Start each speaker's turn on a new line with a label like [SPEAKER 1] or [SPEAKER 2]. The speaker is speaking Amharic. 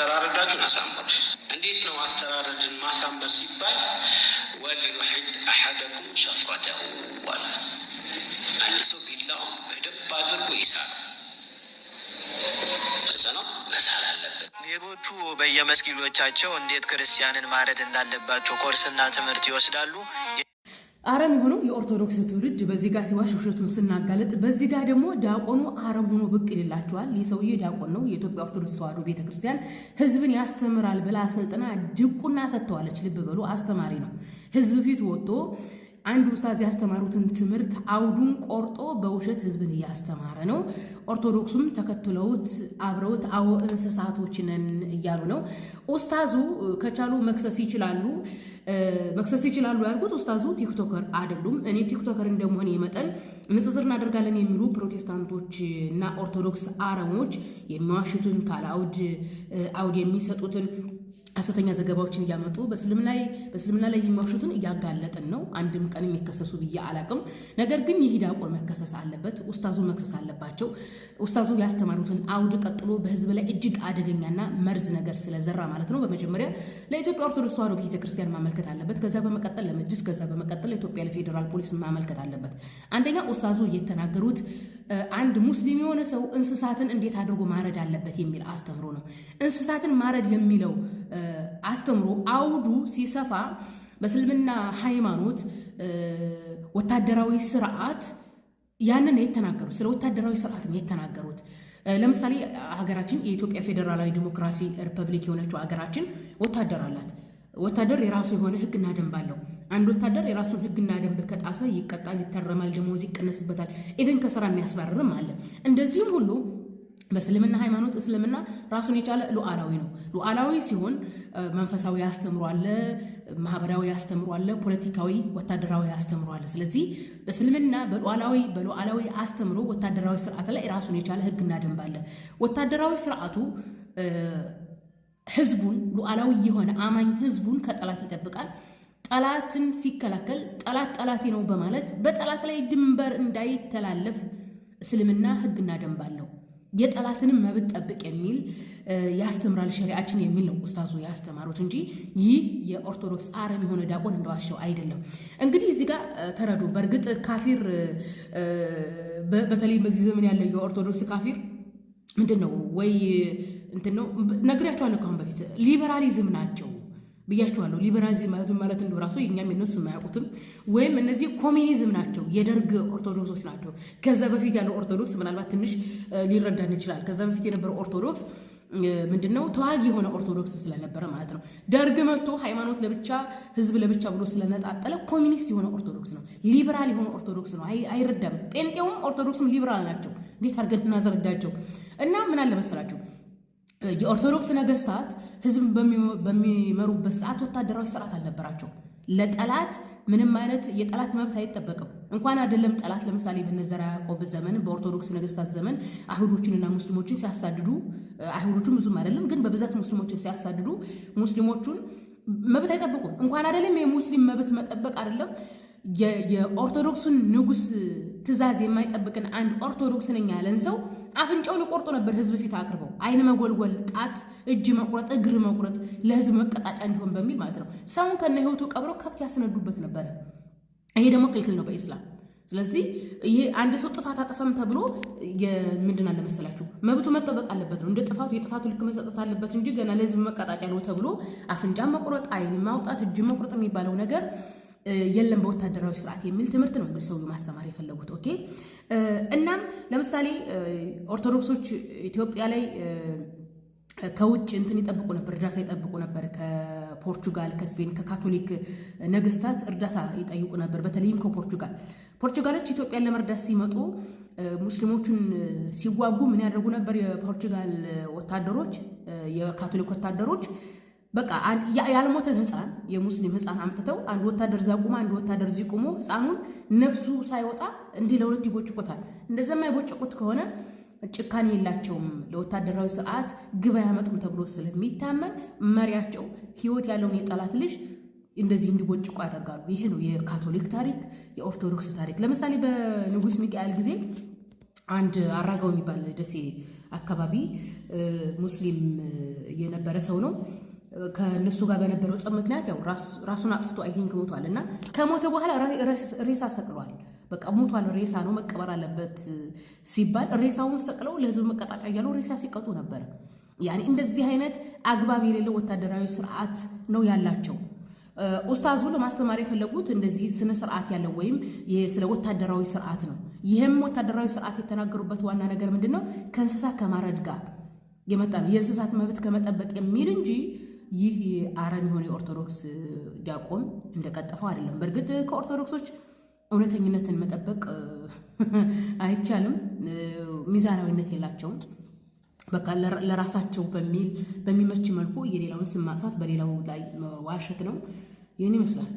[SPEAKER 1] አስተራረዳችሁን አሳምሩ። እንዴት ነው አስተራረድን ማሳመር ሲባል ወሊዩሒድ አሐደኩም ሸፍረተሁ ዋል አንድ ሰው ቢላውን በደብ አድርጎ ይሳል ነው
[SPEAKER 2] ሌሎቹ በየመስጊዶቻቸው እንዴት ክርስቲያንን ማረድ እንዳለባቸው ኮርስና ትምህርት ይወስዳሉ።
[SPEAKER 3] አረም የሆነው የኦርቶዶክስ ትውልድ በዚህ ጋር ሲዋሽ ውሸቱን ስናጋለጥ፣ በዚህ ጋር ደግሞ ዲያቆኑ አረም ሆኖ ብቅ ይልላቸዋል። ይህ ሰውዬ ዲያቆን ነው። የኢትዮጵያ ኦርቶዶክስ ተዋሕዶ ቤተክርስቲያን ሕዝብን ያስተምራል ብላ አሰልጥና ድቁና ሰጥተዋለች። ልብ በሉ፣ አስተማሪ ነው። ሕዝብ ፊት ወጥቶ አንድ ውስታዝ ያስተማሩትን ትምህርት አውዱን ቆርጦ በውሸት ህዝብን እያስተማረ ነው። ኦርቶዶክሱም ተከትለውት አብረውት አዎ እንስሳቶች ነን እያሉ ነው። ኡስታዙ ከቻሉ መክሰስ ይችላሉ። መክሰስ ይችላሉ ያልኩት ኡስታዙ ቲክቶከር አይደሉም። እኔ ቲክቶከር እንደመሆን መጠን ንጽጽር እናደርጋለን የሚሉ ፕሮቴስታንቶች እና ኦርቶዶክስ አረሞች የሚዋሽቱን ካለ አውድ አውድ የሚሰጡትን ሐሰተኛ ዘገባዎችን እያመጡ በእስልምና ላይ የሚዋሹትን እያጋለጥን ነው። አንድም ቀን የሚከሰሱ ብዬ አላቅም። ነገር ግን ይህ ዲያቆን መከሰስ አለበት። ኡስታዙ መክሰስ አለባቸው። ኡስታዙ ያስተማሩትን አውድ ቀጥሎ በህዝብ ላይ እጅግ አደገኛና መርዝ ነገር ስለዘራ ማለት ነው። በመጀመሪያ ለኢትዮጵያ ኦርቶዶክስ ተዋዶ ቤተክርስቲያን ማመልከት አለበት። ከዛ በመቀጠል ለመጅልስ፣ ከዛ በመቀጠል ለኢትዮጵያ ለፌዴራል ፖሊስ ማመልከት አለበት። አንደኛ ኡስታዙ የተናገሩት አንድ ሙስሊም የሆነ ሰው እንስሳትን እንዴት አድርጎ ማረድ አለበት የሚል አስተምሮ ነው። እንስሳትን ማረድ የሚለው አስተምሮ አውዱ ሲሰፋ በእስልምና ሃይማኖት ወታደራዊ ስርዓት ያንን የተናገሩት ስለ ወታደራዊ ስርዓት ነው የተናገሩት። ለምሳሌ ሀገራችን የኢትዮጵያ ፌዴራላዊ ዲሞክራሲ ሪፐብሊክ የሆነችው ሀገራችን ወታደር አላት። ወታደር የራሱ የሆነ ህግና ደንብ አለው። አንድ ወታደር የራሱን ህግና ደንብ ከጣሰ ይቀጣል፣ ይተረማል፣ ደሞዝ ይቀነስበታል፣ ኢቨን ከስራ የሚያስባርርም አለ። እንደዚሁም ሁሉ በእስልምና ሃይማኖት እስልምና ራሱን የቻለ ሉዓላዊ ነው። ሉዓላዊ ሲሆን መንፈሳዊ አስተምሮ አለ፣ ማህበራዊ ያስተምሯለ፣ አለ፣ ፖለቲካዊ ወታደራዊ አስተምሮ ስለዚህ እስልምና በሉዓላዊ በሉዓላዊ አስተምሮ ወታደራዊ ስርዓት ላይ ራሱን የቻለ ህግና ደንብ አለ። ወታደራዊ ስርዓቱ ህዝቡን ሉዓላዊ የሆነ አማኝ ህዝቡን ከጠላት ይጠብቃል። ጠላትን ሲከላከል ጠላት ጠላቴ ነው በማለት በጠላት ላይ ድንበር እንዳይተላለፍ እስልምና ህግና ደንብ አለው። የጠላትንም መብት ጠብቅ የሚል ያስተምራል ሸሪዓችን የሚል ነው ኡስታዙ ያስተማሩት እንጂ ይህ የኦርቶዶክስ አረም የሆነ ዳቆን እንደዋሸው አይደለም። እንግዲህ እዚህ ጋር ተረዱ። በእርግጥ ካፊር በተለይ በዚህ ዘመን ያለው የኦርቶዶክስ ካፊር ምንድን ነው ወይ እንትን ነው ነግሪያቸዋለሁ። ከአሁን በፊት ሊበራሊዝም ናቸው ብያቸዋለሁ። ሊበራሊዝም ማለት ማለት እንደ ራሱ እኛም የነሱ የማያውቁትም ወይም እነዚህ ኮሚኒዝም ናቸው፣ የደርግ ኦርቶዶክሶች ናቸው። ከዛ በፊት ያለው ኦርቶዶክስ ምናልባት ትንሽ ሊረዳን ይችላል። ከዛ በፊት የነበረው ኦርቶዶክስ ምንድነው ተዋጊ የሆነ ኦርቶዶክስ ስለነበረ ማለት ነው። ደርግ መጥቶ ሃይማኖት ለብቻ ህዝብ ለብቻ ብሎ ስለነጣጠለ ኮሚኒስት የሆነ ኦርቶዶክስ ነው፣ ሊበራል የሆነ ኦርቶዶክስ ነው። አይረዳም። ጴንጤውም ኦርቶዶክስም ሊበራል ናቸው። እንዴት አድርገን እናዘረዳቸው? እና ምን አለ መሰላችሁ የኦርቶዶክስ ነገስታት ህዝብ በሚመሩበት ሰዓት ወታደራዊ ስርዓት አልነበራቸው። ለጠላት ምንም አይነት የጠላት መብት አይጠበቅም። እንኳን አይደለም ጠላት ለምሳሌ በነዘራ ያዕቆብ ዘመን በኦርቶዶክስ ነገስታት ዘመን አይሁዶችንና ሙስሊሞችን ሲያሳድዱ፣ አይሁዶቹን ብዙም አይደለም ግን በብዛት ሙስሊሞችን ሲያሳድዱ ሙስሊሞቹን መብት አይጠብቁም። እንኳን አይደለም የሙስሊም መብት መጠበቅ አይደለም የኦርቶዶክሱን ንጉስ ትእዛዝ የማይጠብቅን አንድ ኦርቶዶክስ ነኝ ያለን ሰው አፍንጫውን ቆርጦ ነበር ህዝብ ፊት አቅርበው። አይን መጎልጎል፣ ጣት፣ እጅ መቁረጥ፣ እግር መቁረጥ ለህዝብ መቀጣጫ እንዲሆን በሚል ማለት ነው። ሰውን ከነ ህይወቱ ቀብሮ ከብት ያስነዱበት ነበረ። ይሄ ደግሞ ክልክል ነው በኢስላም። ስለዚህ ይሄ አንድ ሰው ጥፋት አጠፋም ተብሎ ምንድን አለመሰላችሁ መብቱ መጠበቅ አለበት ነው። እንደ ጥፋቱ የጥፋቱ ልክ መሰጠት አለበት እንጂ ገና ለህዝብ መቀጣጫ ነው ተብሎ አፍንጫ መቁረጥ፣ አይን ማውጣት፣ እጅ መቁረጥ የሚባለው ነገር የለም በወታደራዊ ስርዓት የሚል ትምህርት ነው እንግዲህ ሰው ማስተማር የፈለጉት። ኦኬ። እናም ለምሳሌ ኦርቶዶክሶች ኢትዮጵያ ላይ ከውጭ እንትን ይጠብቁ ነበር፣ እርዳታ ይጠብቁ ነበር። ከፖርቹጋል፣ ከስፔን፣ ከካቶሊክ ነገስታት እርዳታ ይጠይቁ ነበር። በተለይም ከፖርቹጋል ፖርቹጋሎች ኢትዮጵያን ለመርዳት ሲመጡ ሙስሊሞቹን ሲዋጉ ምን ያደርጉ ነበር? የፖርቹጋል ወታደሮች የካቶሊክ ወታደሮች በቃ ያልሞተን ህፃን የሙስሊም ህፃን አምጥተው አንድ ወታደር እዛ ቁሞ አንድ ወታደር እዚህ ቁሞ ህፃኑን ነፍሱ ሳይወጣ እንዲህ ለሁለት ይቦጭቆታል። እንደዚያማ ይቦጭቁት ከሆነ ጭካኔ የላቸውም። ለወታደራዊ ስርዓት ግብ አያመጡም ተብሎ ስለሚታመን መሪያቸው ህይወት ያለውን የጠላት ልጅ እንደዚህ እንዲቦጭቁ ያደርጋሉ። ይሄ ነው የካቶሊክ ታሪክ፣ የኦርቶዶክስ ታሪክ። ለምሳሌ በንጉስ ሚካኤል ጊዜ አንድ አራጋው የሚባል ደሴ አካባቢ ሙስሊም የነበረ ሰው ነው ከእነሱ ጋር በነበረው ጽም ምክንያት ያው ራሱን አጥፍቶ አይቲንክ ሞቷል እና ከሞተ በኋላ ሬሳ ሰቅሏል። በቃ ሞቷል፣ ሬሳ ነው መቀበር አለበት ሲባል ሬሳውን ሰቅለው ለህዝብ መቀጣጫ እያለው ሬሳ ሲቀጡ ነበር። ያኔ እንደዚህ አይነት አግባብ የሌለው ወታደራዊ ስርዓት ነው ያላቸው። ኡስታዙ ለማስተማር የፈለጉት እንደዚህ ስነ ስርዓት ያለው ወይም ስለ ወታደራዊ ስርዓት ነው። ይህም ወታደራዊ ስርዓት የተናገሩበት ዋና ነገር ምንድን ነው? ከእንስሳ ከማረድ ጋር የመጣ ነው የእንስሳት መብት ከመጠበቅ የሚል እንጂ ይህ አረም የሆነ የኦርቶዶክስ ዲያቆን እንደቀጠፈው አይደለም። በእርግጥ ከኦርቶዶክሶች እውነተኝነትን መጠበቅ አይቻልም። ሚዛናዊነት የላቸውም። በቃ ለራሳቸው በሚል በሚመች መልኩ የሌላውን ስም ማጥፋት በሌላው ላይ መዋሸት ነው። ይህን ይመስላል።